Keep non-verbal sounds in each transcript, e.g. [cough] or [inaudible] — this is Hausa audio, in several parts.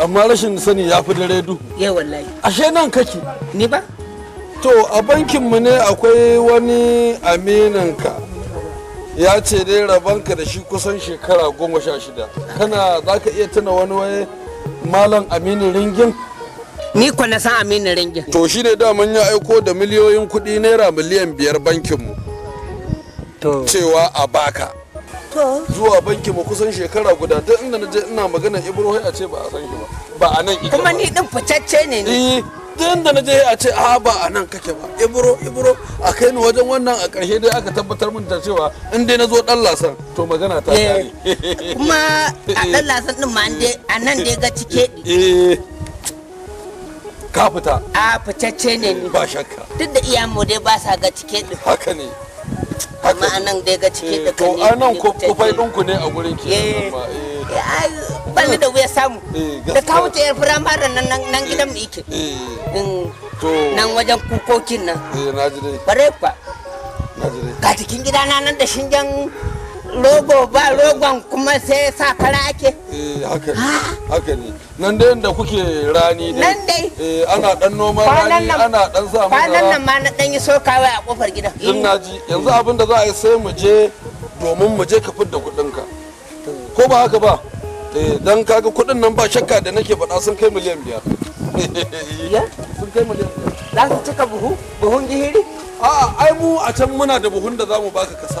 amma rashin sani ya fi dare du ya wallahi ashe nan kake ni ba to a bankin mu ne akwai wani aminanka ya ce dai rabanka da shi kusan shekara goma sha shida kana za ka iya tuna wani waye malam aminu ringin ni ko na san aminu ringin to shi ne daman ya aiko da miliyoyin kuɗi naira miliyan biyar bankinmu cewa a baka zuwa banki mu kusan shekara guda duk inda na je ina magana ibrahim a ce ba a san shi ba ba a nan kuma ni din fitacce ne ni eh, duk inda na je a ce a ba a nan kake ba ibro ibro a kai ni wajen wannan a karshe dai aka tabbatar min da cewa in dai na zo dan lasan to magana ta kare eh, [laughs] kuma a dan eh. lasan din ma dai a nan dai ga cike ka fita a fitacce ne ni ba shakka duk da iyamu dai ba sa ga cike haka ne amma a nan dai ga cikin eh, da kan ne a nan kufai ɗinku ne a gurin ke eh, eh, balli da wuya samu da ka wuce yar firamare nan gidan mu ike mm, nan wajen kukokin nan bare kwa ga cikin na nan da shingen logo ba logon kuma sai sa kara ake haka ne nan dai da kuke rani dai nan dai eh ana dan noman rani ana dan sa mu kwanan nan ma na dan yi sokawa a kofar gidan din naji yanzu abin da za a yi sai mu je domin mu je ka fidda kudin ka ko ba haka ba eh dan kaga kudin nan ba shakka da nake faɗa sun kai miliyan biyar sun kai miliyan biyar za su cika buhu buhun gihiri a'a ai mu a can muna da buhun da za mu baka kasa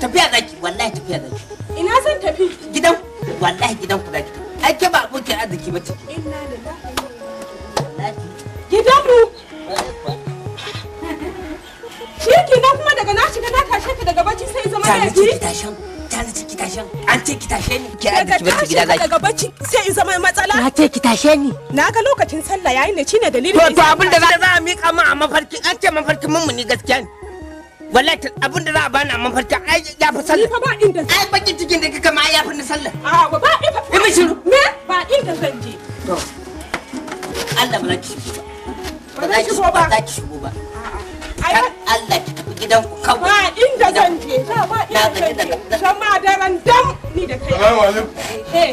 tafiya zaki wallahi tafiya zaki ina zan tafi gidan wallahi gidan ku zaki ai ke ba abokin arziki bace inna lillahi ta ce daga matsala na ce ki tashe ni na ga lokacin sallah yayin ne shine dalilin to to abin da za a mika min a mafarkin an ce mafarkin mun ni gaskiya ne wallahi abin da za a bani a mafarkin ai ya fi sallah ba inda ai bakin cikin da kika ma ya fi na sallah a ba inda ki mi shiru me ba inda zan je to Allah ba za ki shigo ba ba za ki shigo ba ba za ki shigo ba Allah ki gidan ku kawai ba inda zan je zan je ma daren dam ni da kai salamu alaikum eh, eh.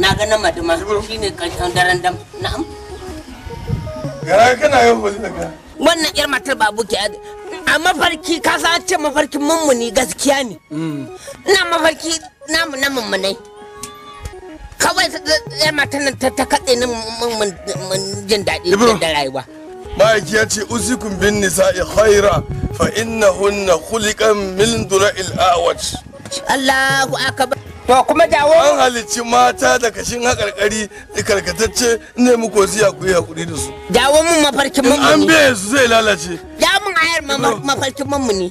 na ga na maduma karshen daren dam na'am gara kana yau ba wannan yar matar babu ke a mafarki ka san ce mafarkin mummuni gaskiya ne hmm. ina mafarki namu na mummunai kawai yar matar nan ta katse ni mun jin daɗi da rayuwa ma'aiki ya ce usikun bin nisa'i khaira fa hunna khuliqan min dura'il awaj Allahu akbar to kuma dawo an halicci mata da kashin hakarkari da karkatacce ne mu ko ziya ku ya kudi da su dawo mun mafarkin mun an be su zai lalace da mun ayar mafarkin mun ne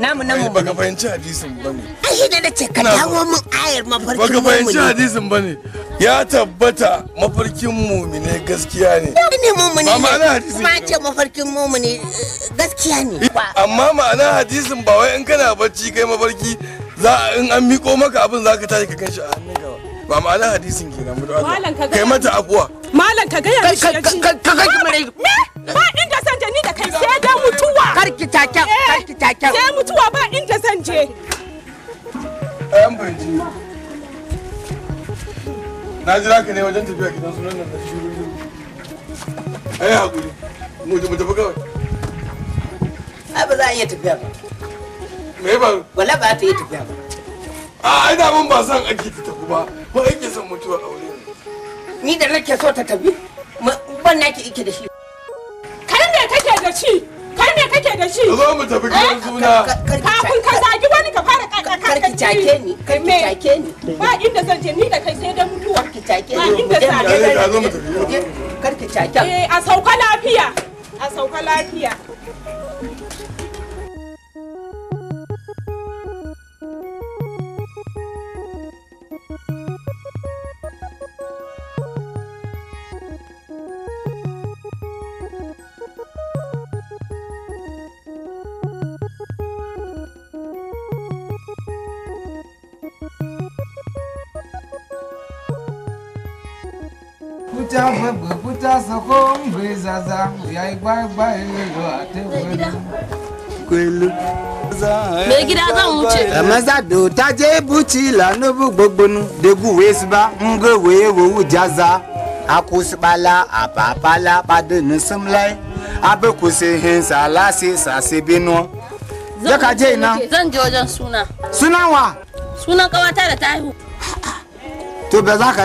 namu namu ba ka fahimci hadisin ba ne ai shi da ce ka dawo mun ayar mafarkin mu ba ka fahimci hadisin ba ne ya tabbata mafarkin mumine gaskiya ne ne mumune amma ana hadisin ma ce mafarkin mumune eh, gaskiya ne amma ma'ana hadisin ba wai in kana bacci kai mafarki za in an miko maka abin za ka tashi ka kanshi a hannunka ba ba ma'ana hadisin nan, mu da kai mata abuwa malam ka ga yaushe ya ka ga mai me ba inda san je ni da kai sai da mutuwa karki taken eh, karki taken sai mutuwa ba inda san je eh, an banji na jira ka ne wajen tafiya gidan sunan nan da shiru ai hakuri mu je mu tafi kawai ai ba za a iya tafiya ba me ba wala ba ta iya tafiya ba a ah, ai da mun ba san ake ta tafi ba ba yake son mutuwa a wurin ni da nake so ta tafi ban naki ike da shi kai ne kake da shi kai ne kake da shi zo mu tafi gidan eh, suna kafin ka zagi wani ka fara kaka karki take ni karki take ni ba inda zan je ni da kai sai da mutuwa karki take ni ba inda zan je karki take eh a sauka lafiya a sauka lafiya fa bukuta sako ngwe zaza ya igba igba elego ate kwelu me gida zan wuce maza do ta je buci la nubu gbogbonu degu wesba ngo we wo jaza akusbala apapala padu nusumlai abukusi hinsa lasi sasibino je Zan wajen suna. Suna wa? Sunan kawata da ta haihu. To ba za ka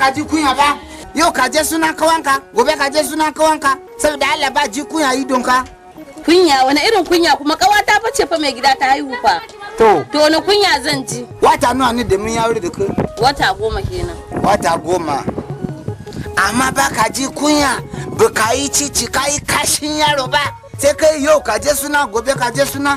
ka ji kunya ba yau ka je suna kawanka gobe ka je suna kawanka saboda Allah ba ji kunya idon ka kunya wani irin kunya kuma kawata fa ce fa mai gida ta haihu fa to to wani kunya zan ji wata nawa ne da mun ya da kai wata goma kenan wata goma amma ba ka ji kunya ba ka yi cici ka yi kashin yaro ba sai kai yau ka je suna gobe ka je suna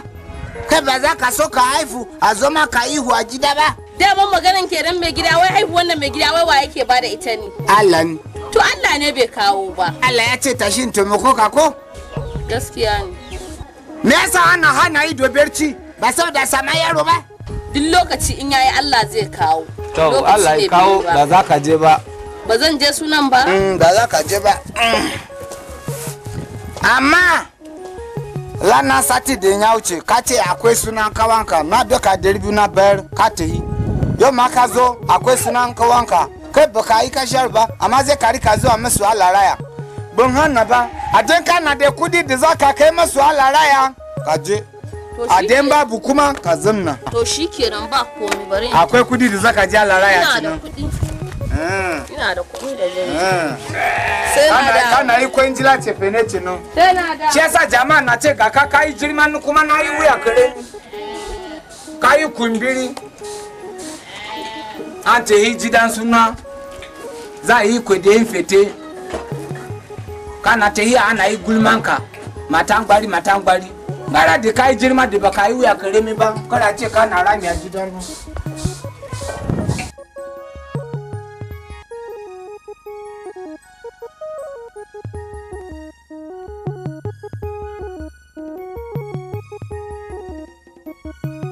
kai ba za ka so ka haifu a zoma ka ihu a gida ba daman maganan kenan mai gida wai haihuwan wannan mai gida wai wa yake bada ita ne allan to allah ne bai kawo ba allah ya ce tashin taimako ka ko gaskiya ne me yasa ana hana yi doberci ba da sama yaro ba duk lokaci in yayi allah zai kawo to allah ya kawo ba za ka je ba ba zan je sunan ba mm, ba za ka je ba mm. amma lana sati da ya wuce ka ce akwai sunan kawanka na doka da na bayar ka ta yi don ma ka zo akwai sunan kawanka kai ba ka yi kashar ba amma zai kari ka zuwa masu alaraya bin hanna ba a ka na da kudi da za ka kai masu alaraya ka je a den babu kuma ka zanna to shi kenan ba komi bari akwai kudi da za ka je alaraya kenan eh. ina da kudi da jini eh. kana yi kwan jila sai na da shi yasa jama'a na ce ga ka kayi jirman kuma na yi wuya kare ka yi kumbiri an ce yi jidan suna za a yi kwadayin fete kana ta yi ana yi gulmanka matan gbari matan gbari gara da ka yi jirma da baka yi wuya karemi ba kala ce kana rami a gidan Thank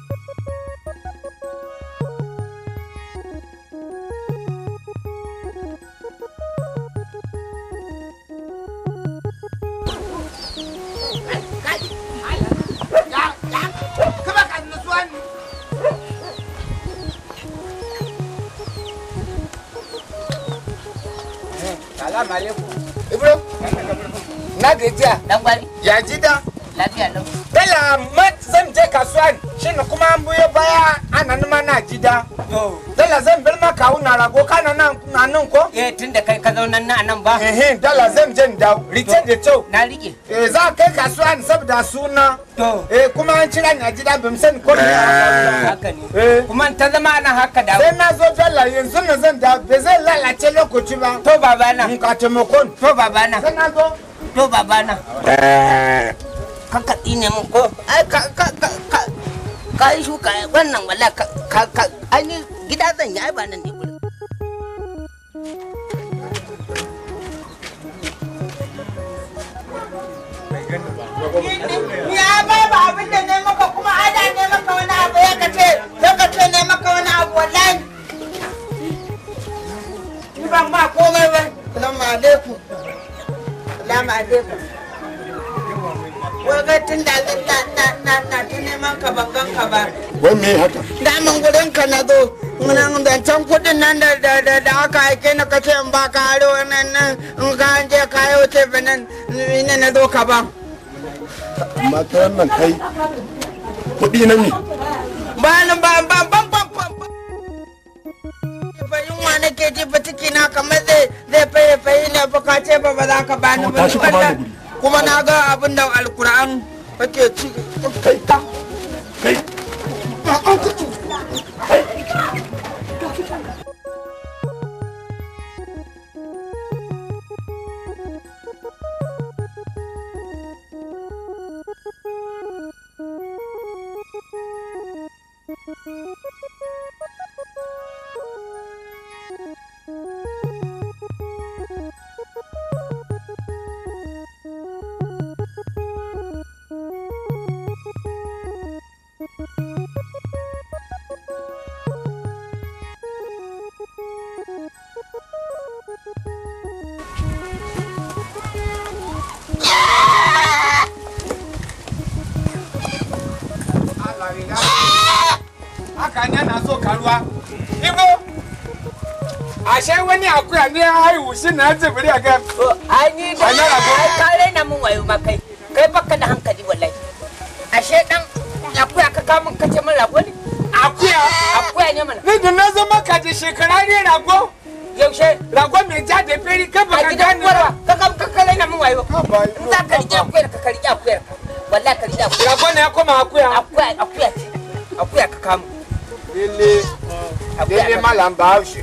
Salamu Na Ya ji da. mat zan je kasuwa shin kuma an buyo baya ana na gida. dala zan bar ma kawo na rago kana na nan ko eh da kai ka zauna na nan ba eh dala zan je dawo rike da kyau na rike eh za kai kasuwa ne saboda suna to eh kuma an cira ni a gida bin san ko ne eh, haka ne eh. kuma ta zama nan haka da sai na zo dala yanzu na zan da bai zai lalace lokaci ba to babana in ka taimakon to babana sai na zo to babana eh. ka ka ne mun ko ai ka ka ka ka yi shuka wannan wala ka ka ainihin gida zan yi ai ba nan ne gurin ya bai ba abin da ne maka kuma ada ne maka wani abu ya ka ce lokacin ne maka wani abu wallahi ni ban ma komai ba salamu alaikum salamu alaikum wai kai tun da na na na na ta neman ka ban gan ka ba wai me haka damin gurin ka na zo nan zancen kudin nan da da da aka aike na kace in ba ka aro nan nan in ka an je ka yau ce nan ne na zo ka ba amma ta wannan kai kudi na ne ba ni ba ba ba ba ba yunwa nake ji ba ciki na kamar zai zai fayi fayi na ba ka ce ba ba za ka bani ba ba kuma na ga abin da alkur'an kake ci kai ta kai shin na ce bari a ga to an yi da ai ka na mun wayo ma kai kai baka da hankali wallahi ashe dan akuya ka ka mun kace mun rago ne akuya akuya ne mana ni dan na zama ka kaje shekara ne rago yaushe rago me ja da feri ka baka ga ba ka ka ka kare na mun wayo in za ka rike akuya ka rike akuya wallahi ka rike akuya rago ne ya koma akuya akuya akuya akuya ka kamu lele lele malamba shi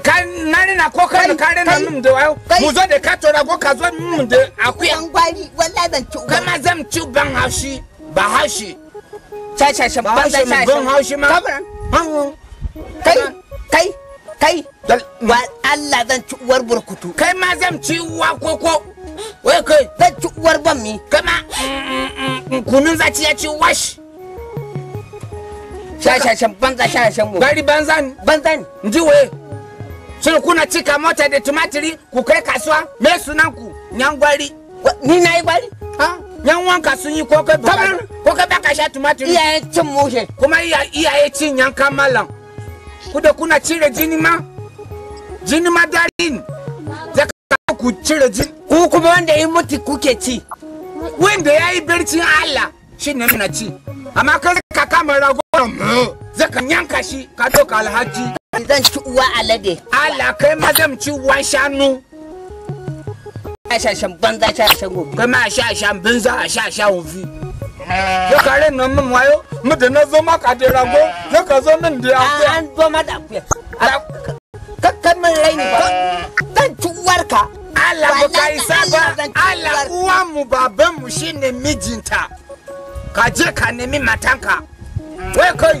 Kan nani na ko kan kare na mun da wayo. Mu zo da ka tora ko ka zo mun da akuya. Kan gwari wallahi ban ci. zan ci ban haushi ba haushi. Cha cha cha ban da cha. Ban haushi ma. Kai kai kai. Wa Allah zan ci uwar burkutu. Kai ma zan ci uwa koko. Wai kai zan ci uwar bammi. Kama kunun zaci ya ci wash. Sha banza mu. banza Banza sai kuna cika mota da tumatiri ku kai kasuwa me sunan ku nyan gwari ni na yi gwari yan wanka sun yi ko kai ko kai baka sha tumatiri iyaye cin mushe kuma iyaye cin yankan malam ku da kuna cire jini ma jini ma darin da ku cire jini ku kuma wanda yi mutu kuke ci wanda ya yi bircin Allah shi ne muna ci amma kai ka kama ragon zaka yanka shi ka doka alhaji Zan ci uwa alade. Allah kai ma zan ci uwa shanu. A shashen banza a shashen gobe. Kai ma a shashen banza a shashen wofi. Ya kare nan min wayo, mu da na zo ma ka da rago, ya ka zo min da ah, akuya. An zo ma da akuya. Ah, Kakkan min raini ba. Zan ci uwarka. Allah mu kai saba. Allah uwan mu baban mu shine mijinta. Ka je ka nemi matanka. Wai kai,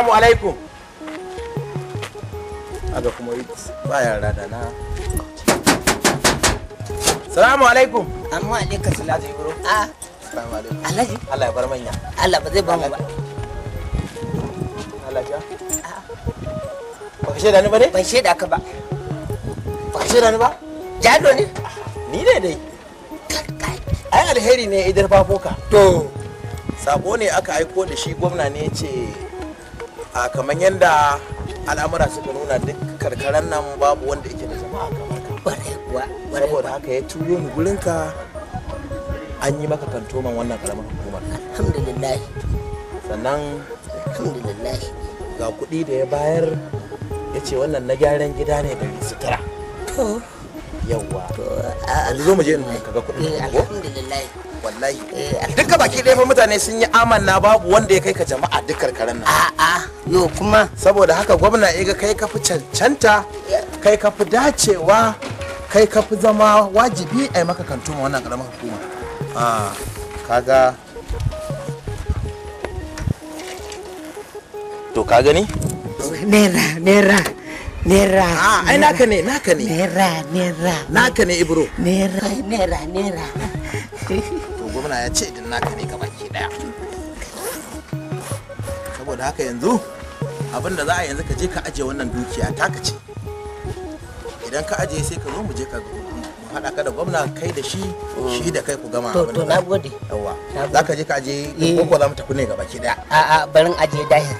assalamu alaikum aga kuma yi bayan rada na Assalamu alaikum amma ne alaikum salatu ibro a ah, Assalamu alaikum alhaji Allah ya bar manya Allah ba zai ba mu ba Allah ya ba ka shaida ni ba ne ban shaida ka ba ba ka shaida ni ba jado ne ni ne dai ai alheri ne idan fafoka. to sabo ne aka aiko da shi gwamna ne ce a ah, kamar yadda al'amura suka nuna duk karkaran nan babu wanda yake da zama kamar ka saboda haka ya turo mu gurin ka an yi maka kantoman wannan karamar hukumar alhamdulillah sannan alhamdulillah ga kuɗi da ya bayar ya ce wannan na gyaran gida ne da sutura to yawwa a zo mu je in ka ga kuɗin eh, alhamdulillah wallahi eh, duka baki ɗaya fa mutane sun yi amanna babu wanda ya kai ka jama'a duk karkaran nan a'a yo kuma saboda haka gwamna ya ga kai ka fi cancanta kai ka fi dacewa kai ka fi zama wajibi a yi maka kantun wannan karamar hukuma a ah, kaga to ka gani nera nera Nera. Ah, ai naka ne, naka ne. Nera, nera. Naka ne Ibro. Nera, nera, nera. muna ya ce idan naka ne gabaki daya saboda haka yanzu abinda za a yanzu ka je ka ajiye wannan dukiya taka ce idan ka ajiye sai ka zo mu je ka haɗa ka da gwamna kai da shi shi da kai ku gama to to nagode yawa za ka je ka aje eh. ko ko za mu tafi ne gaba ki daya a a barin aje dahir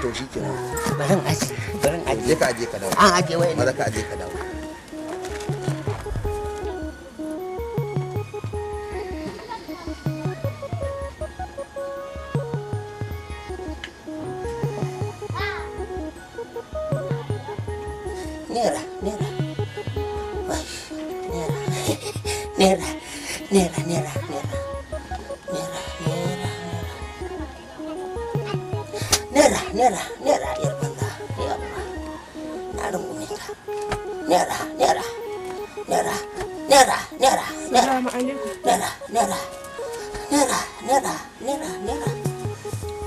to shi kenan barin ajiye barin ajiye ka ajiye ka dawo an ajiye wai maza ka ajiye ka dawo nera nera nera nera nera nera nera nera yarbanda yabba na rungumeka nera nera nera nera nera nera nera nera nera nera nera nera nera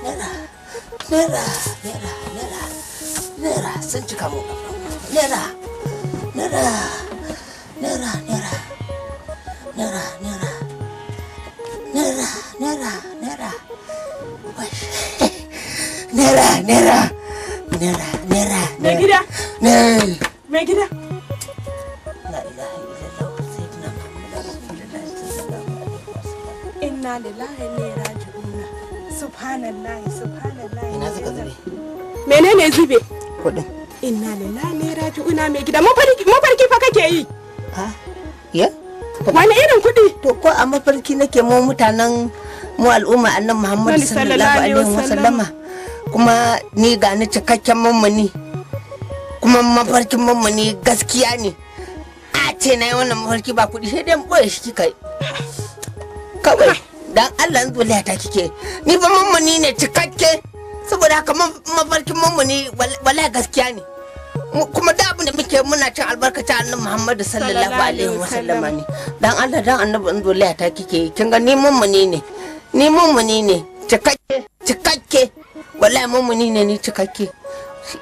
nera nera nera nera sun cika mu nera nera nera nera Nera! Nera! Nera! mai gida mai gida inna lillahi ne raji'una subhanallahi subhanallahi ina suka zube menene zube kudin inna lillahi ne raji'una mai gida mafarki fa kake yi ha ya wani irin kuɗi to ko a mafarki nake mu mutanen mu al'umma annan muhammadu sallallahu alaihi wasallama kuma ni ga ni cikakken mummuni kuma mafarkin mummuni gaskiya ne a ce na yi wannan mafarki ba kuɗi sai dai ɓoye shi kika kawai dan Allah zuliya ta kike ni ba mummuni ne cikakke saboda haka mafarkin mummuni wala gaskiya ne kuma da abin da muke muna cin albarkacin annabi Muhammadu sallallahu alaihi wasallama ne dan Allah dan annabi zuliya ta kike kin ga ni mummuni ne ni mummuni ne cikakke cikakke wallahi mamuni ne ni cikakke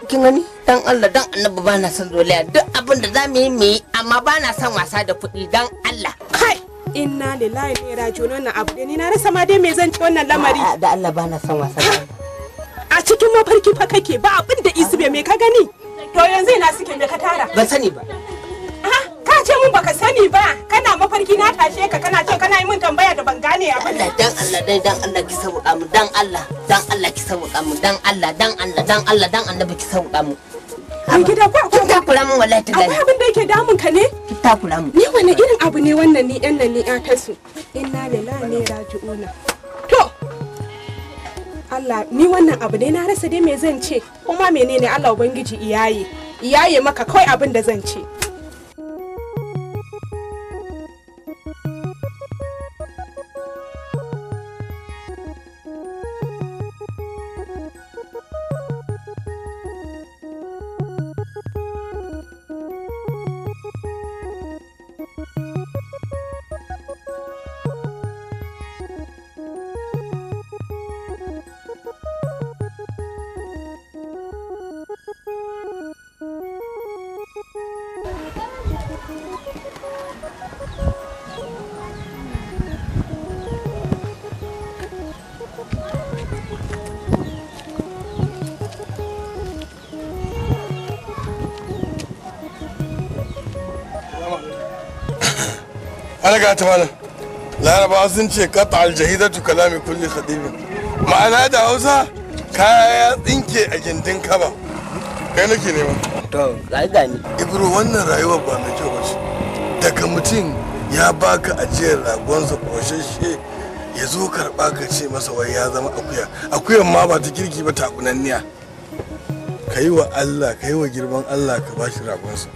kin gani dan Allah dan annabi bana son zolaya duk abin da za mu yi mu yi amma bana son wasa da kuɗi dan Allah kai inna lillahi ne rajiun wannan abu ne na rasa ma dai me zan ci wannan lamari da Allah bana son wasa a cikin mafarki fa kake ba abin da isbe me ka gani to yanzu ina suke me ka tara Ban sani ba ah, ka ce mun baka sani ba kana mafarki na tashe ka kana gane abin da dan Allah dai dan Allah ki sauka mu dan Allah dan Allah ki sauka mu dan Allah dan Allah dan Allah dan annabi ki sauka mu gida ko akwai mun wallahi ta gani. abin da yake damun ka ne? mu. Ni wani irin abu ne wannan ni ɗan nan ni ya tasu. Inna lillahi ne raji'una. To Allah ni wannan abu ne na rasa dai me zan ce kuma menene Allah ubangiji iyaye iyaye maka kawai abin da zan ce. alga ta laraba sun ce kata tu kalami kulli khadibin ma'ana da hausa kaya ya tsinke a gindin kaba kai nake nema to ga gani ibro wannan rayuwar ba mai kyau ba daga mutum ya baka ajiyar ragonsa koshashe ya zo karba ka ce masa wai ya zama akuya akuyan ma ba ta kirki ba ta kunanniya yi wa allah ka yi wa girman allah ka ba shi ragonsa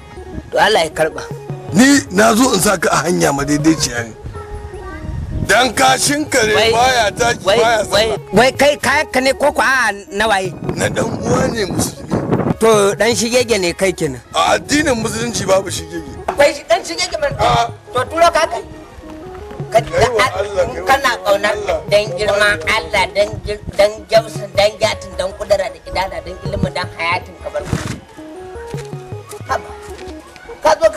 to allah ya karɓa ni na zo in saka a hanya madaidaiciya ne dan ka shinkare baya ta baya tsala wai kai ka ne ko a na waye na dan uwa ne musulmi to dan shigege ne kai kenan a addinin musulunci babu shigege akwai dan shigege man to turo ka kai kana kauna dan girma Allah dan dan jausin dan gatin dan kudura da kidana dan ilimin dan hayatin kabar ka zo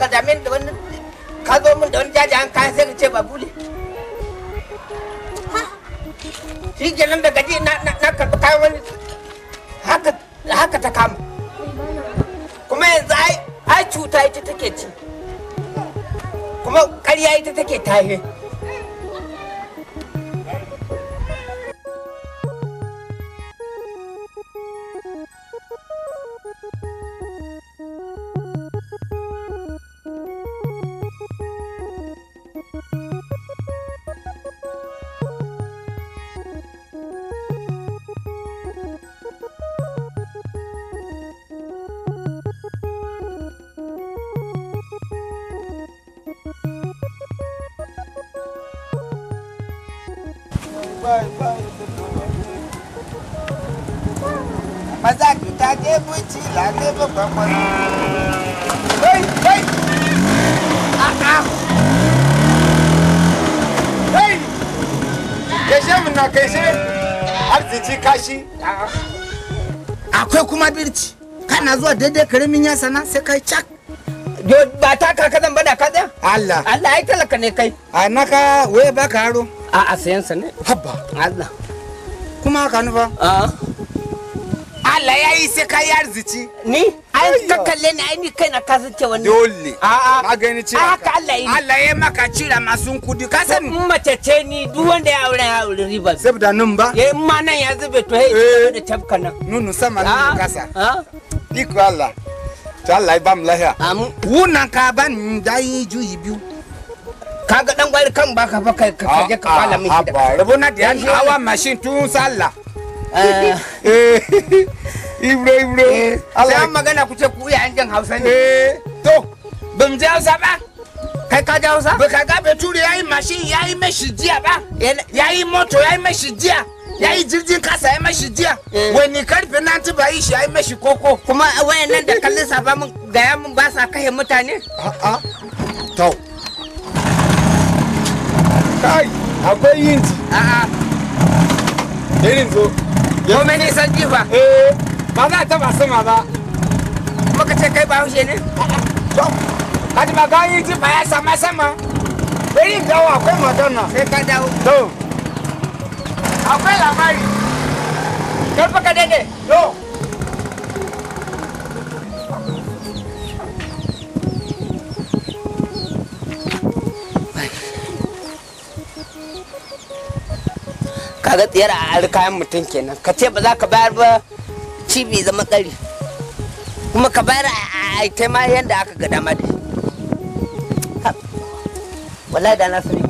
ka dame da wani ka zo min da wani jajayen kayan sai ka ce ba bule shi kenan da gaji na karɓi kayan wani haka ta kama kuma yanzu ai cuta ita take ci kuma ƙarya ita take tahe maza ki ta je buci la ne ba kwakwa kai kai a'a kai kashe mun na arziki kashi akwai kuma birci kana zuwa daidai karamin ya sana sai kai cak ba ta kaka zan bada ka tsaya Allah Allah ai talaka ne kai a naka waye baka haro a a sayan sa ne habba Allah kuma haka nufa a'a Allah ya yi sai ka yi arziki. Ni? Ai ka kalle ni ai ni kai na ka zace wani. Dole. a a Ka gani ce. haka Allah ya Allah ya maka cira masu kudi ka san. In mace ce ni duk wanda ya aure ya aure riba. Saboda nun ba? Eh in ma nan ya zube to hei da eh. tafka nan. Nunu sama nunu kasa. Ha? Iko Allah. Ta Allah ya ba mu lahiya. Amu. Wunan ka ban dai juyi biyu. kaga dan gwari kan baka kai ka je ka malamin shi da. Rabona da yan awa mashin tun sallah. ibro ibro sai an magana ku ce ku iya yan hausa ne eh. to bam ji hausa ba kai ka ji hausa ba ka ga bature yayi mashin yayi mashi jiya ba eh. yayi moto yayi mashi jiya yayi jirgin kasa yayi mashi jiya eh. wani karfe na ci ba yi shi yayi mashi koko kuma nan da kallon saba mun gaya mun ba sa kashe mutane a'a to kai akwai yin a'a irin zo ko mai nisan jifa eh, ba za ta ba sama ba muka ce kai bahaushe ne kaji ma gani jifa ya sama sama bari dawo akwai matar na sai ka dawo to akwai labari karfa ka dade to kaga tsayar a ari kayan mutum kenan ka ce ba za ka bayar ba cibi zama tsari kuma ka bayar a aitai ma yadda aka ga dama dai wallahi da nasiru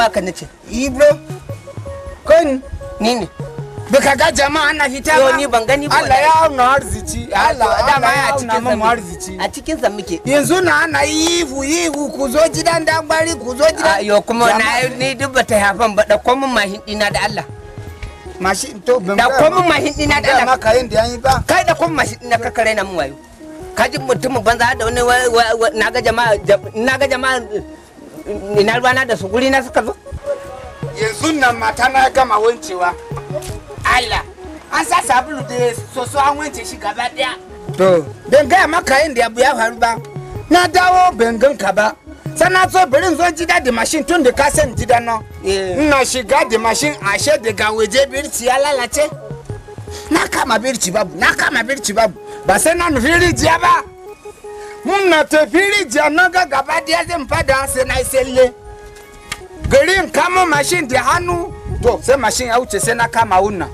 baka nace ibro kan ni ne baka ga jama'a ana fita ba ni ban gani ba Allah ya auna arziki Allah ma ya cikin zan arziki a cikin sa muke yanzu na ana yi ihu ku zo gidan da bari ku zo gidan yo kuma na ni duk bata hafan ba da komun mahin dina da Allah mashin to ban da komun mahin dina da Allah maka yin da yayi ba kai da komun mashin dina ka kare na mu wayo kaji mutum banza da wani na ga jama'a na ga jama'a ina ruwana da su guri na suka zo yanzu nan mata na gama wancewa aila an sa sabulu da soso an wance shi gaba daya to ban gaya maka yin da abu ya faru ba na dawo ban ganka ba sannan so bari zo jida da mashin tun da ka san jida nan Na eh. shiga da mashin ashe daga waje birci ya lalace na kama birci babu na kama birci babu ba sai na nufi rijiya ba mna tafiri janaga gaba daya zan fada sai na selle garin kama mashin da hannu to sai mashin ya wuce sai na kama wunna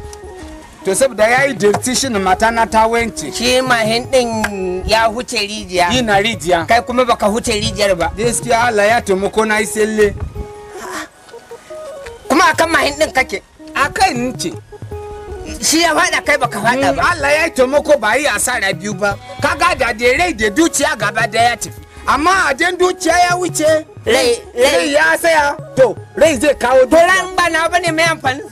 to saboda ya yi dirti shi na mata na ta wance shi mahin din ya huce rijiya yi na rijiya kai kuma baka huce rijiyar ba gaskiya Allah ya taimako na yi selle kuma akan mahin din kake akan ce shi ya faɗa kai baka faɗa ba Allah ya yi taimako ba yi asara biyu ba kaga da da rai da dukiya gaba da ya tafi amma a jan dukiya ya wuce rai ya saya to rai zai kawo to ran ba na bane mai amfani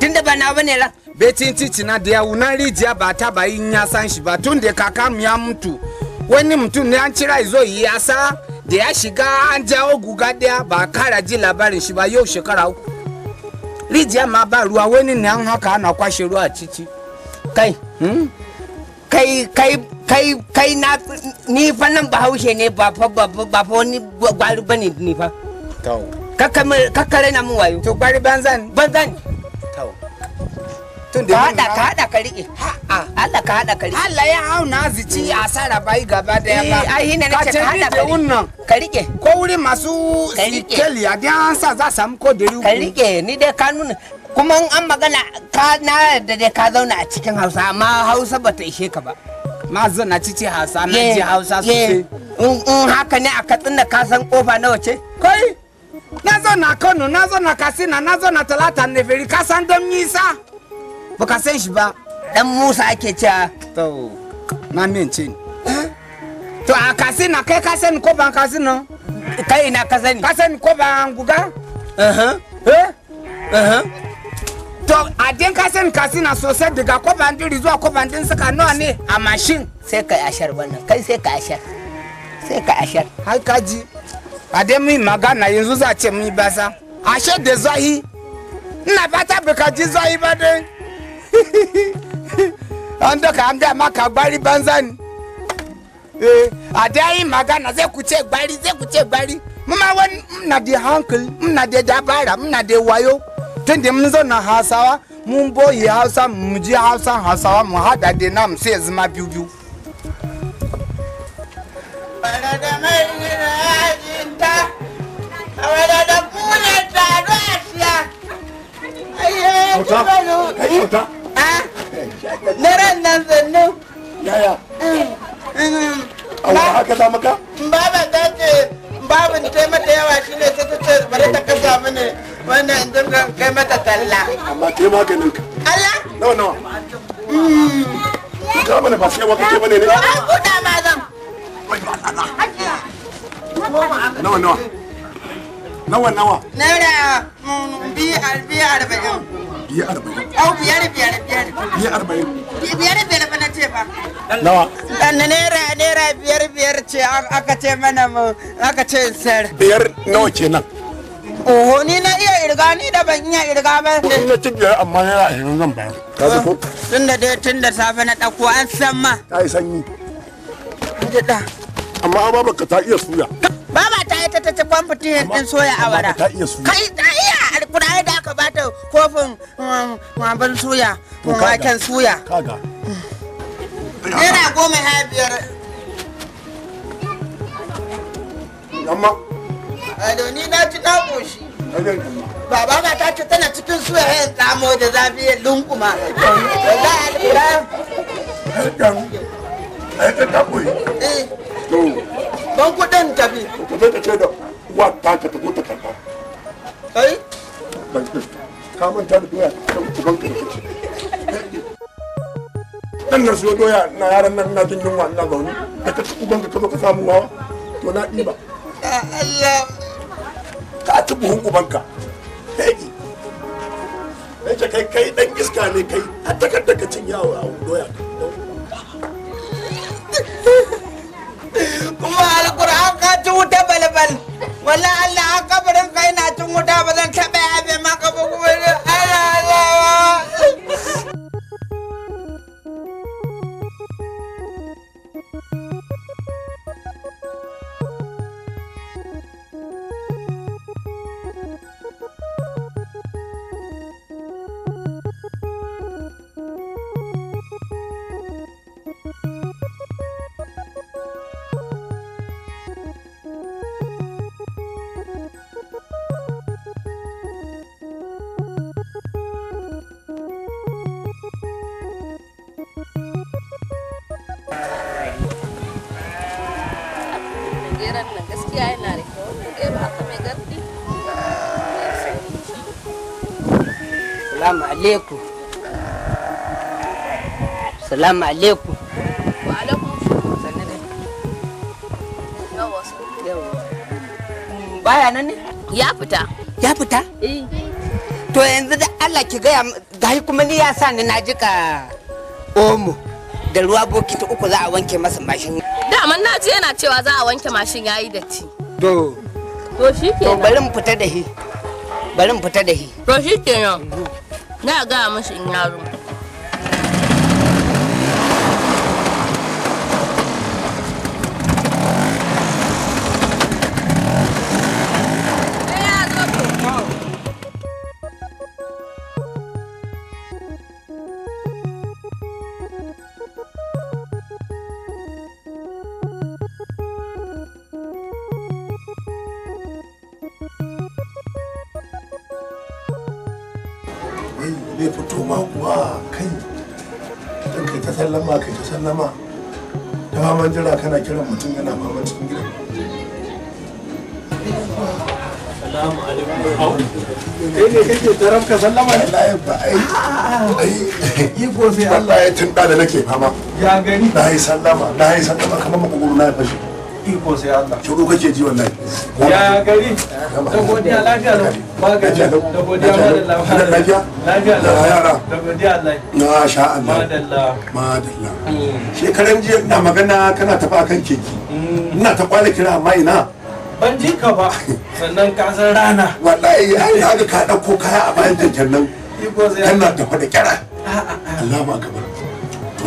tunda ba na ran betin da ya rijiya ba ta ba yin ya san shi ba tun da kaka mu ya mutu wani mutum ne an cira izo yi ya sa da ya shiga an jawo guga daya ba kara ji labarin shi ba yau shekara uku rijiya ma ba ruwa wani ne an haka ana kwashe ruwa a ciki kai hmm? kai kai kai kai na ni fa nan haushe ne ba fa ba fa ni gwari bane ni fa kakare na mun wayo to gwari banzan banzan tun da hada ka hada ka rike Allah ka hada ka rike Allah ya hau na zici asara bai gaba da ya ba eh, ai hina nace ka hada ka wannan ka rike ko wuri masu sikeli a dan sa za samu ko da ka rike ni dai ka nuna kuma an magana ka na da dai ka zauna a cikin Hausa amma Hausa bata ishe ka ba ma zana ci ce Hausa na ji Hausa sosai in haka ne a katsin da ka san kofa nawa ce kai na zo na Kano na zo na Katsina na zo na Talata Neveri ka san don nisa baka san shi ba dan musa ake cewa to na mince to a kasi na kai ka sani ko ban kasi no kai na ka sani ka sani ko ban guga eh eh to a den ka sani kasi na sosai daga ko ban din zuwa ko ban din suka no ne a mashin sai kai ashar wannan kai sai kai ashar sai kai ashar har ka ji a den mun magana yanzu za ce mun basa ashe da zahi ina bata baka ji zahi ba dai Ando kaambia maka gbali banzani. Eh, adai magana ze kuche gbali ze kuche gbali. Mama wan mna de uncle, mna de jabara, mna de wayo. Tende mzo na hasawa, mumbo ya hausa, mji hausa hasawa muhada de na mse zima biu biu. Barada mengine ajinta. Awada kule tarwasia. Ayo, kibalo. Hey, na ran nan zannu yaya Allah haka za maka? Baba ta ce babin ta yawa shi ne sai ta ce bari ta kasa mini wannan in dinga kai mata talla. Amma ke maganin ka. Nawa nawa? Ka ba sai wa kake bane ne? Ko ma zan. Nawa nawa? nawa nawa naira biyar biyar arba'in biyar arba'in au biyar biyar biyar biyar arba'in biyar biyar fa na ce fa nawa dan naira naira biyar biyar ce aka ce mana mu aka ce sir biyar nawa kenan oh ni na iya irga ni da ban iya irga ba. Ni na ci biyar amma naira ashirin zan bayar. Ka ji ko? Oh, tun da dai tun da safe na ɗauko an san ma. Ta yi sanyi. Amma baba ka ta iya suya. Baba ta ita ta ci ban fitihin soya awara kai ta iya alkurai da aka bata kofin um, mabar soya waken goma ya biyar yamma na ci ƙoshi baba ma ta ce tana cikin suya ya tsamo da zafi ya lunkuma za a ban kuɗin tafi ka je ka ce da uwa ta ka tafi ta karɓa kai ban ka manta da doya ta wuce ban ka nan na siyo doya na yaran nan na jin yunwa ina zaune da ka tafi ban ka ka zo samu wawa to na ɗiba Allah ka ci buhun ubanka hey yace kai kai dan iska ne kai a takarda daga cin yawo a doya ¡Hola! Salamu alaikum. Wa alaikum mm, Baya nan ne? Ya fita. Ya fita? Eh. To yanzu da Allah ki gaya gahi kuma ni ya sa ni na jika omo da ruwa bokiti uku za a wanke masa mashin. Da na ji yana cewa za a wanke mashin yayi datti. To. To shi To bari mu fita da shi. Bari mu fita da shi. To shi kenan. Na ga mashi in yaro. zai fito ma kuwa kai don kai ta sallama kai ta sallama da faman jira kana kiran mutum yana faman cikin gida Salamu alaikum. Kai ne kake tarar ka sallama ne? Allah ba ai. Ai iko sai Allah ya tunda da nake fama. Ya gani. Na yi sallama, na yi sallama kamar makogoro na ya fashi. Iko sai Allah. Shiru kake ji wallahi. Ya gani. Ta godiya lafiya lau. magana da godiya madalla lafiya lafiya yara da godiya Allah na sha mm. shekaran jiya na magana kana tafi akan keke mm. ina ta kwale kira amma ina ban ji ka ba sannan ka san rana wallahi ai aka ka dauko kaya a bayan jajjar nan kana tafi da kira Allahu akbar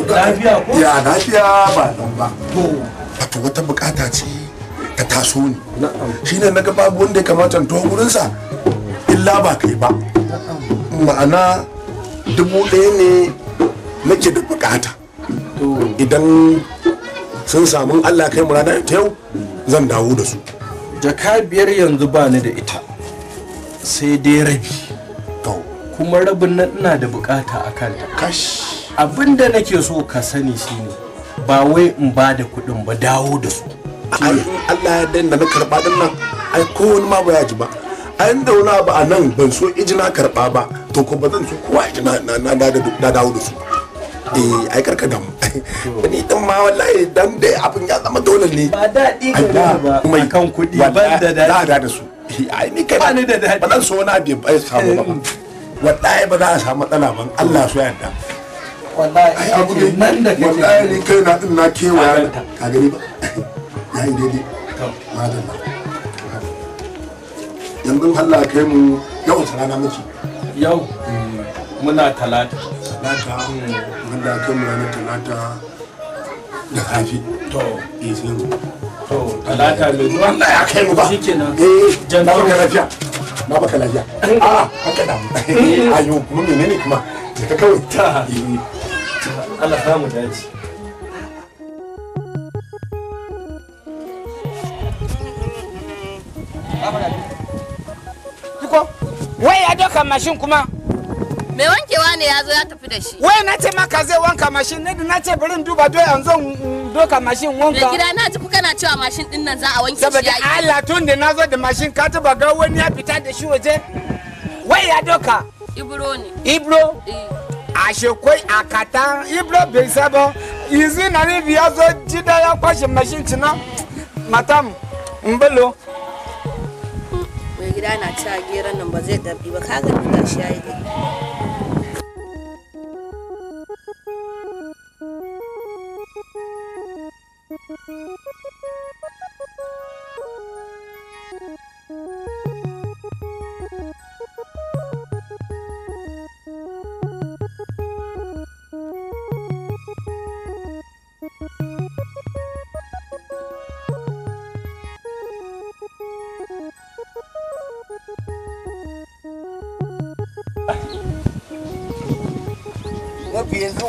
lafiya ko ya lafiya ba zan ba to wata bukata ce ta taso ni shine naga babu wanda ya kamata in to gurin sa da ba kai ba ma'ana dubu ɗaya ne nake da bukata idan sun samu allah kai murana ta yau zan dawo da su jaka biyar yanzu ba ni da ita sai dai rabi kuma rabin nan ina da bukata a kanta abinda da nake so ka sani shine ba wai in ba da kuɗin ba dawo da su Allah ya danna na karɓa din nan ai wani ma ba ya ji ba an da wani abu a nan ban so ijina karba ba to ko ba zan so kowa ijina na dawo da su eh ai karka da mu [laughs] ni din ma wallahi dan dai abin ya zama dole ne ba daɗi ga ba mai kan kudi ba da daɗi da da su ai ni kai ba ni da da ba zan so wani abu ya samu ba wallahi ba za a samu matsala ban Allah so yadda wallahi ai abu ne nan da kake wallahi ni kai na din na kewaya ka gani ba [laughs] yayi daidai to madalla yanzu Allah kai mu yau ta rana muke yau mm, muna talata talata mun mm, da kai mu ranar talata da kafi to eh sai mu to talata mai zuwa Allah ya kai mu ba shikenan eh janna ka lafiya na ah, baka lafiya a haka da [laughs] ayo mun ne ne kuma ka kawai ta eh. Allah ya mu dace Abra wai ya doka mashin kuma mai wankewa ne ya zo ya tafi da shi wai na ce maka zai wanka mashin ne na ce bari in duba doya yanzu doka mashin wanka mai gida na tafi kana cewa mashin din nan za a wanke shi saboda Allah tun da na zo da mashin ka taba ga wani ya fita da shi waje wai ya doka ibro ne ibro eh. ashe a akata ibro bai sabo izi na ribi ya zo jida ya kwashe mashin cina matam mbalo mai gida na ci a geron nan ba zai ɗabi ba kaga ni gashi yayi dai Thank you. mafi yanzu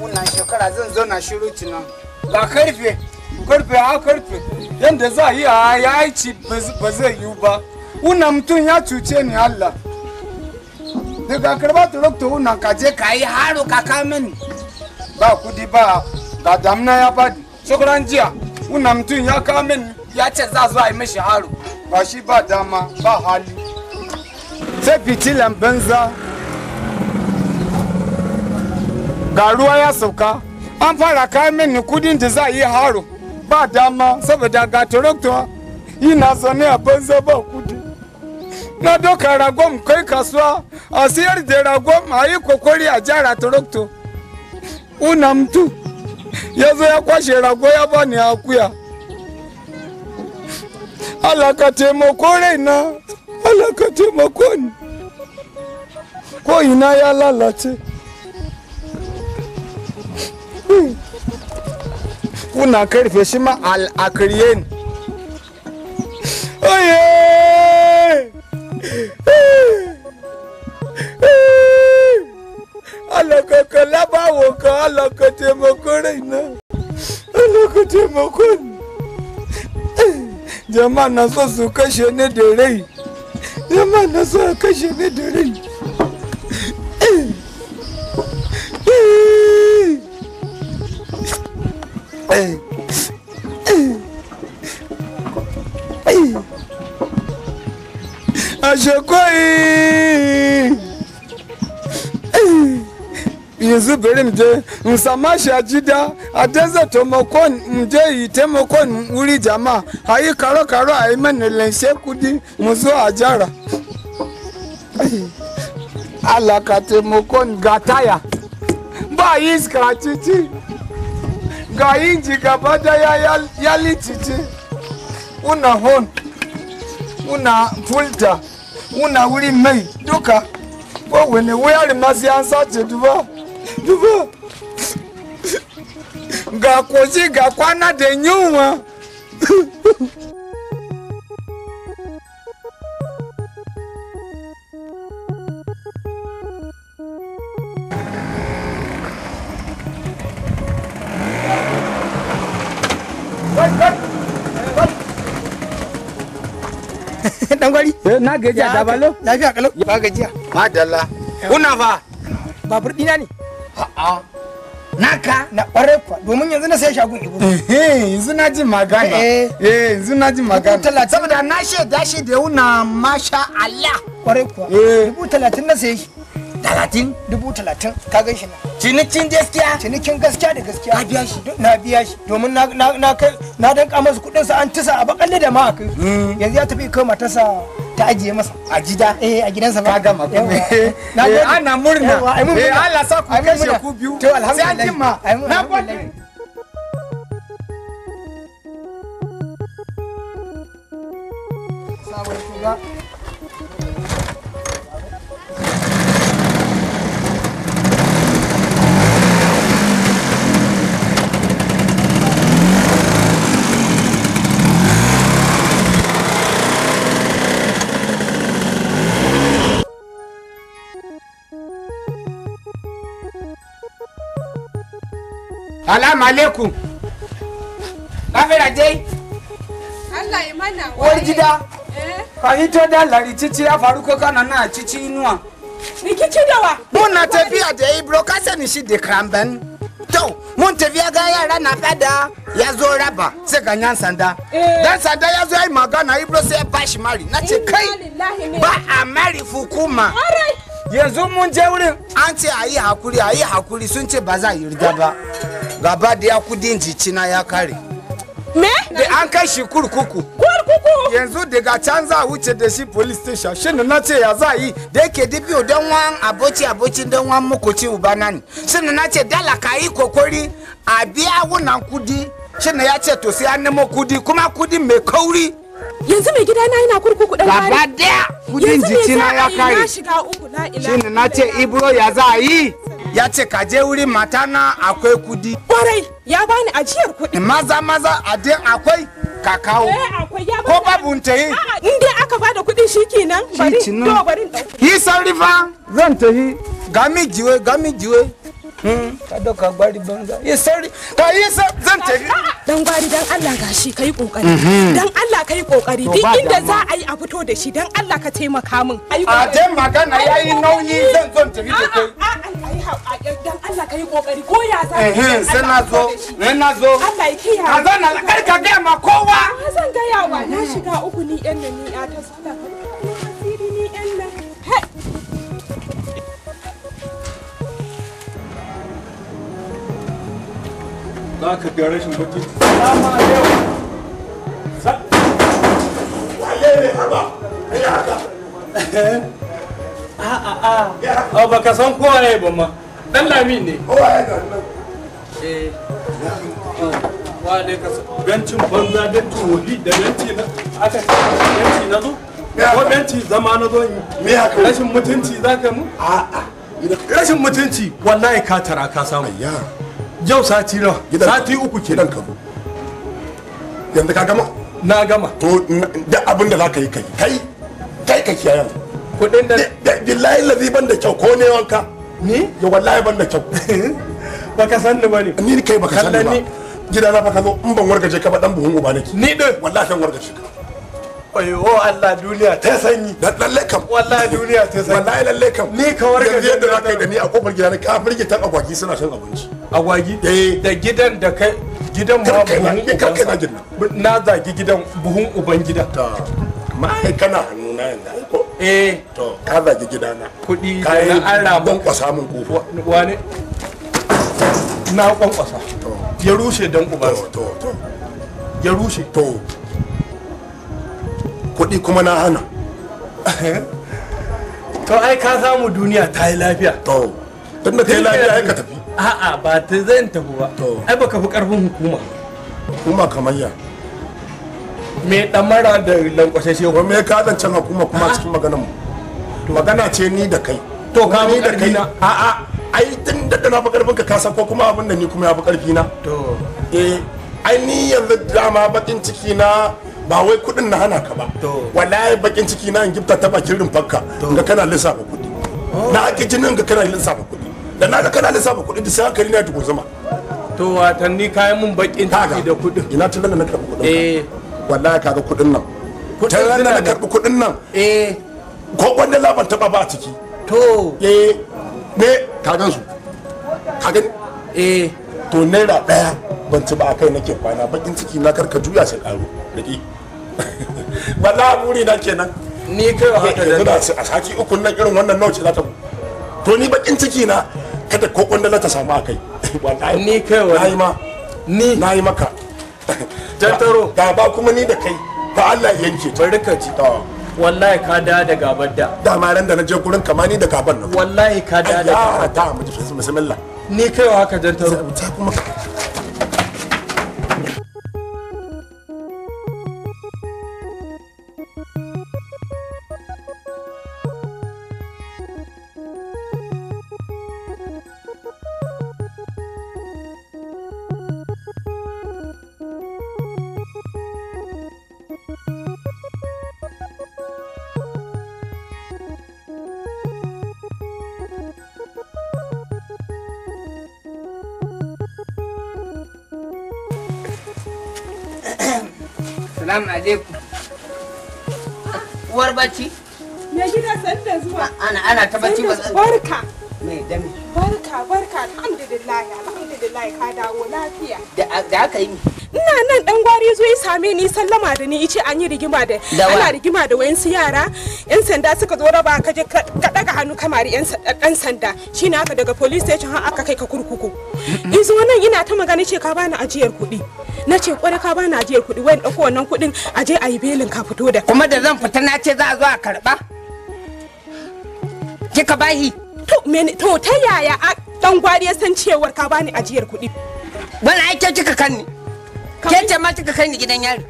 wunan shekara zan zauna shiru cinan ba karfe karfe ha karfe yadda za a yi a ya aici ba zai yiwu ba wunan mutum ya cuce ni allah daga karba turokta wannan ka je ka yi haro ka kamin ba kudi ba ga damna ya badi shekaran jiya wunan mutum ya kamin ya ce za a yi mashi haro ba shi ba dama ba hali sai fitilan banza ga ruwa ya sauka an fara kayan mini kudin da za a yi haro ba dama saboda ga tarakta na zaune a banza ba kudi na doka ragon kai kasuwa a siyar da ragon a yi kokori a jara tarakta una ya zo ya kwashe rago ya ba ni akuya Allah ka taimako raina Allah ka taimako ni ko ina ya lalace kuna karfe shi ma al'akariye ne oye Allah ka kala bawo ka Allah ka taimako raina Allah ka taimako ni jama'a na so su kashe ni da rai zama na so kashe ni da rai Ashe kwai yanzu bari mje nsamashi ajida sama shi mje jida a jama taimakon yi taimakon wuri jama'a a karo-karo a yi mana lanshe kudi mu zo a jara [laughs] Allah ka ba yi iska cici ga inji gaba da ya litici una hon una fulta una wuri mai duka ko wene weyari masu yan sace dugo ga kozi ga kwana da yunwa dangwari na gajiya da balo lafiya kalau ba gajiya madalla kuna fa babur dina ne a'a naka na ƙwarai fa domin yanzu na sai shagun ibu eh. eh yanzu na ji magana eh yanzu na ji magana talatin saboda na da shi da yau na masha Allah ƙwarai kuwa eh. dubu talatin na sai shi talatin dubu talatin ka gan shi na cinikin gaskiya cinikin gaskiya da gaskiya na biya shi na biya shi domin na na na kai na danka masa kuɗin sa an tisa a bakalle da ma kai hmm. yanzu ya tafi kai matarsa ta ajiye masa a gida eh a gidansa ba gama eh, na eh, gode ana murna eh Allah sa ku kashe ku biyu to alhamdulillah na gode Salamu alaikum. Lafiya dai. gida. Eh? Ka hito da lari ya faru ko kana na cici ni Rikici da wa? Muna tafiya da yi ibro ka sani shi de kramben. To, mun tafiya ga yara na fada ya zo raba se ga nyan sanda. Eh. Dan sanda ya zo ya yi na Ibro sai ya bashi mari. Na ce kai ba a mari hukuma. Yanzu mun je wurin an ce ayi hakuri ayi hakuri sun ce ba za yi riga ba. gaba da ya kudin jikina ya kare me da an kai shi kurkuku kurkuku yanzu daga can za a wuce da shi police station shin na ce ya za yi da yake dibiyo don wan aboci aboci don wan makoci ubana ne shin na ce dala ka yi kokori a biya wannan kudi shin ya ce to sai an nemo kudi kuma kudi mai kauri yanzu mai gida na yana kurkuku dan mari gaba daya kudin jikina ya kare shin na ce ibro ya za yi ya ce ka je wuri mata na akwai kudi kwarai ya bani ajiyar kuɗi maza maza a din akwai ka kawo eh, ko babu ta yi in dai aka bada kuɗi shi bari to bari yi sauri fa zan ta yi gami jiwe gami jiwe hmm, ka dauka gwari banza yi sauri ka yi zan ta yi dan gwari dan Allah gashi kai kokari mhm. dan ka yi kokari duk inda za a yi a fito da shi dan Allah ka taimaka min a magana ya yayi nauyi zan zo tafi da kai dan Allah ka yi kokari ko ya za eh sai na zo ne na zo Allah ya kiyaye ka zana kar ka ga ma kowa zan ga wa. na shiga uku ni yan nan ni ya ta ni yan za ka biya rashin mutunci. Salamu alaikum. ne ba ka san kowa ba ma dan ne kowa eh. ya ne ka banza da da na aka na zo ko zama na zo me haka rashin mutunci zaka mu rashin mutunci wallahi ka tara ka samu yau sati na sati uku kenan ka zo yanzu ka gama na gama to da abin da zaka yi kai kai kai ka kiyaye kudin da billahi lazi ban da kyau ko ne wanka ni ya wallahi ban da kyau [laughs] baka san ni bane ni kai baka san ni ba gidana fa ka zo in ban wargaje ka ba dan buhun uba nake ni dai wallahi san wargaje ka Oyo Allah duniya ta sanyi. da lalle kam. Wallahi duniya ta sanyi. Wallahi lalle kam. Ni ka warga da yadda za ka yi da ni a kofar gida na ka firgitan agwagi suna shan abinci. Agwagi? Eh. Da gidan da kai gidan ma buhun eh, ubansa. Na na zagi gidan buhun uban gida. Ta. Ma'aikana hannuna yanzu. Ko eh to ka zagi gidana kuɗi na an rabon kwasa min kofa wani na kwankwasa ya rushe dan uba to to ya rushe to kuɗi kuma na hana to ai ka samu duniya ta yi lafiya to tunda ta yi lafiya ai ka tafi a'a ba ta zan tafi ba ai baka fi karfin hukuma hukuma kamar ya me damara da lankwasashe ko me ka zancen hukuma kuma cikin maganar mu magana ce ni da kai to ka ni da kai a'a ai tun da na fi karfin ka ka san ko kuma abin da ni kuma ya fi karfi na to eh ai ni yanzu dama bakin ciki na ba wai kuɗin na hana ka ba wallahi bakin ciki na gifta ta bakin rumfarka ga kana lissafa kuɗi oh. na ake jinin ga kana lissafa kuɗi da na ga kana lissafa kuɗi da sai hankali na tuku zama to watanni kayan mun bakin ciki da kuɗin ina tun na karɓi kuɗin eh wallahi kaga kuɗin nan tun ranar na karɓi kuɗin nan eh ko wanda laban taɓa ba a ciki to eh ne kagan su kagan eh to naira ɗaya ban ci ba a kai nake kwana bakin ciki na karka juya sai karo da [laughs] balla buri na kenan ni kai haka da muna a sati uku nan irin wannan nauci za ta to ni bakin ciki na kada ko dala ta samu akai [laughs] wallahi ni kai wallahi ma ni nayi maka [laughs] tantaro ga ba kuma ni da kai ba Allah ya yanke bari ka ji ah. wallahi ka da da gabar da da ma ran da na je gurin ni da gabar nan wallahi ka da da gaban da bismillah ni kai haka tantaro ta kuma Assalamu alaikum. Uwar bacci? me gida san da zuwa. Ana ana ta bacci ba san. Barka. Me dami? Barka barka alhamdulillah alhamdulillah ka dawo lafiya. Da aka yi ina nan dan gwari zo ya same ni sallama da ni yace an yi rigima da ana rigima da wayansu yara yan sanda suka zo raba ka je ka daga hannu kamar yan dan sanda shine haka daga police station har aka kai ka kurkuku izo nan ina ta magana ce ka bani ajiyar kuɗi na ce kwarai ka bani ajiyar kuɗi wani ɗauko wannan kuɗin aje je a yi belin ka fito da kuma da zan fita na ce za a zo a karɓa kika bahi to mene to ta yaya a dan gwari ya san cewar ka bani ajiyar kuɗi wani ake kika kanni ke ma kika kai ni gidan yari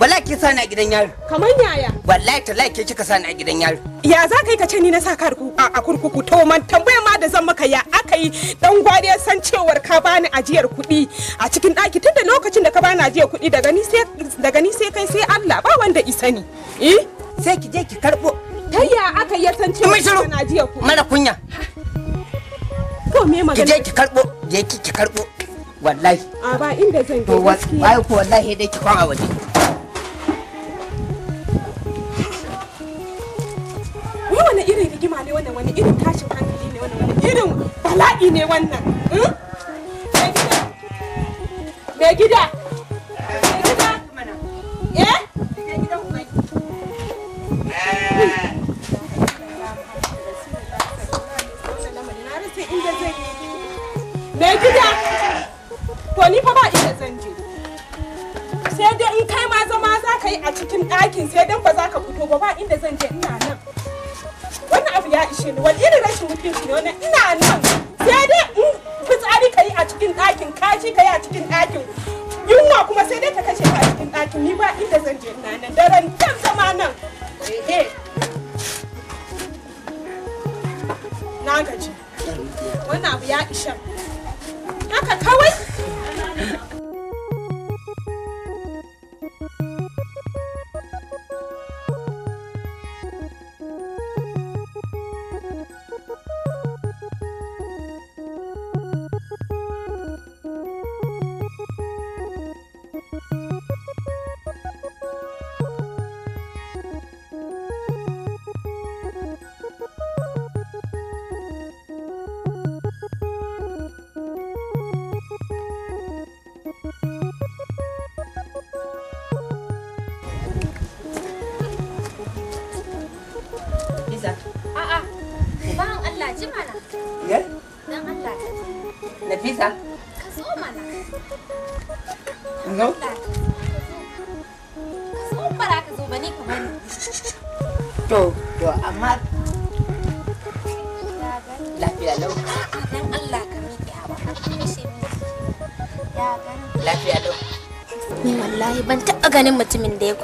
wallahi ki sani a gidan yari kamar yaya wallahi ta laike kika sani a gidan yari ya za ka yi ka ce ni na sa ka a kurkuku to man tambaya ma da zan maka ya aka yi dan gwariya san cewar ka bani ajiyar kuɗi a cikin ɗaki tunda lokacin da ka bani ajiyar kuɗi daga ni sai daga ni sai kai sai Allah ba wanda isa ni eh sai ki je ki karbo ta ya aka yi san cewar ka bani ajiyar kuɗi mana kunya ko me magana ki je ki karbo je ki ki karbo wallahi a ba inda zan je gaskiya to wallahi dai ki kwa waje ni wani irin rigima ne wannan wani irin tashin hankali ne wannan wani irin bala'i ne wannan hmm? mai gida mai gida eh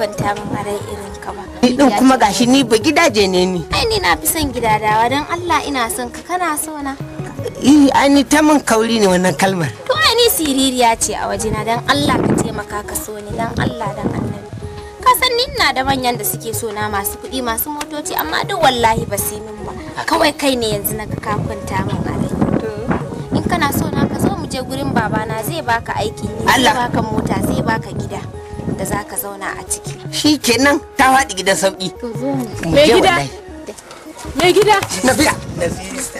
kwanta min harai irin ka ba ni din kuma gashi ni ba gidaje ne ni ai ni na fi son gidadawa don Allah ina son ka kana so na eh ai ni ta min kauri ne wannan kalmar to ai ni siririya ce a wajena don Allah ka taimaka ka so ni don Allah dan annabi. ka san ni ina da manyan da suke so na masu kuɗi masu motoci amma duk wallahi ba su min ba kawai kai ne yanzu na ka kwanta min alai in kana so na ka zo mu je gurin babana zai baka aikin ne zai baka mota zai baka gida da za ka zauna a ciki shi kenan ta faɗi gidan sauki mai gida mai gida nafiya nafisa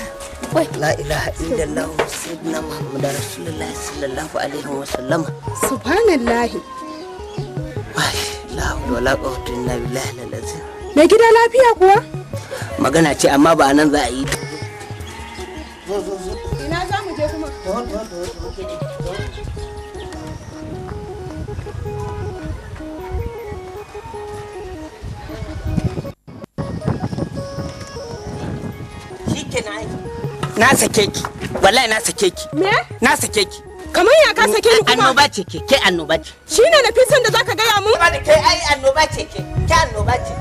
la ilaha illallah sayyidina muhammadu rasulullah sallallahu alaihi wa sallam subhanallah la hawla wala quwwata illa billah al-azim mai gida lafiya kuwa magana ce amma ba nan za a yi ina za mu je kuma sake na aiki. Na sake ki. Wallahi na sake ki. Me? Na sake ki. Kamar ya ka sake ni kuma? Annoba ce ke, ke annoba ce. Shi ne na fisan da zaka gaya mun? Kuma ke ai annoba ce ke, ke annoba ce.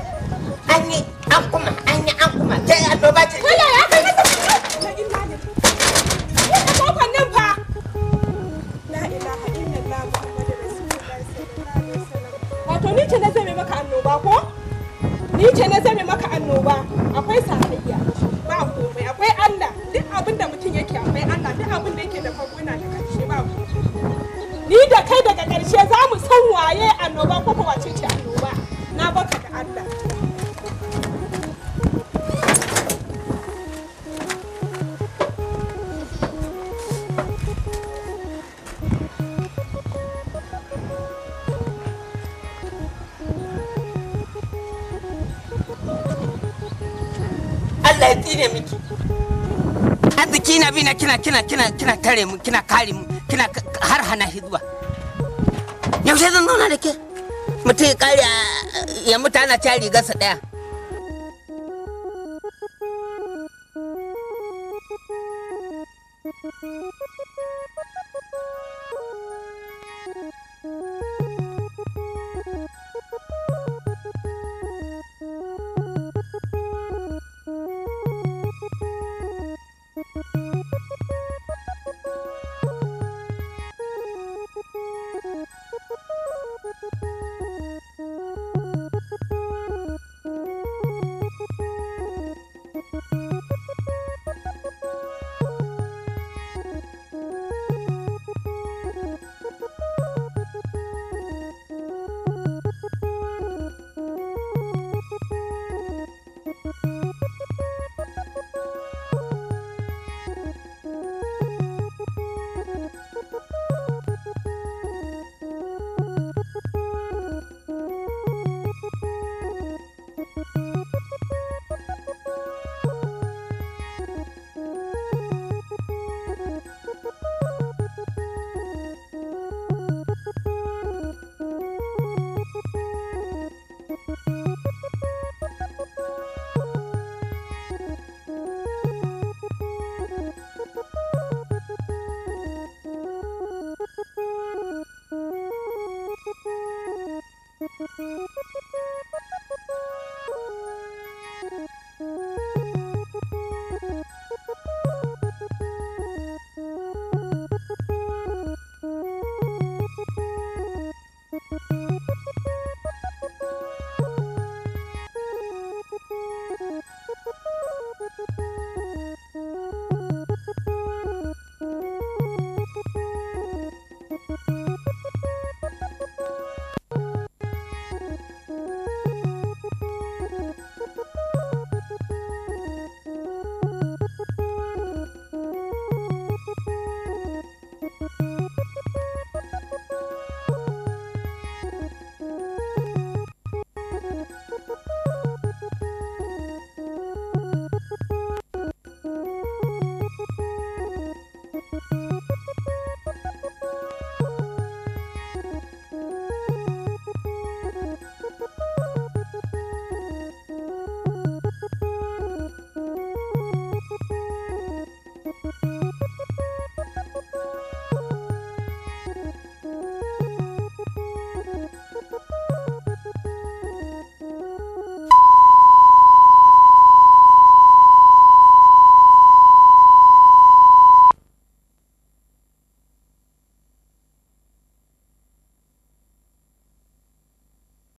An yi an kuma, an yi an kuma, ke annoba ce. Wala ya kai masa. Wato ni ce na zame maka annoba ko? Ni ce na zame maka annoba. Akwai sakayya. Ba komai. duk abin da mutum yake akwai Allah duk abin da yake da farko yana da karshe ba ni da kai daga karshe za mu san waye annoba ko kuma wace ce annoba na baka da Allah Allah ya tsine miki kina bi na kina kina kina kina tare mu kina kare mu kina har hana hidwa yaushe zan zauna da ke mutum ya kare ya mutana ta rigarsa daya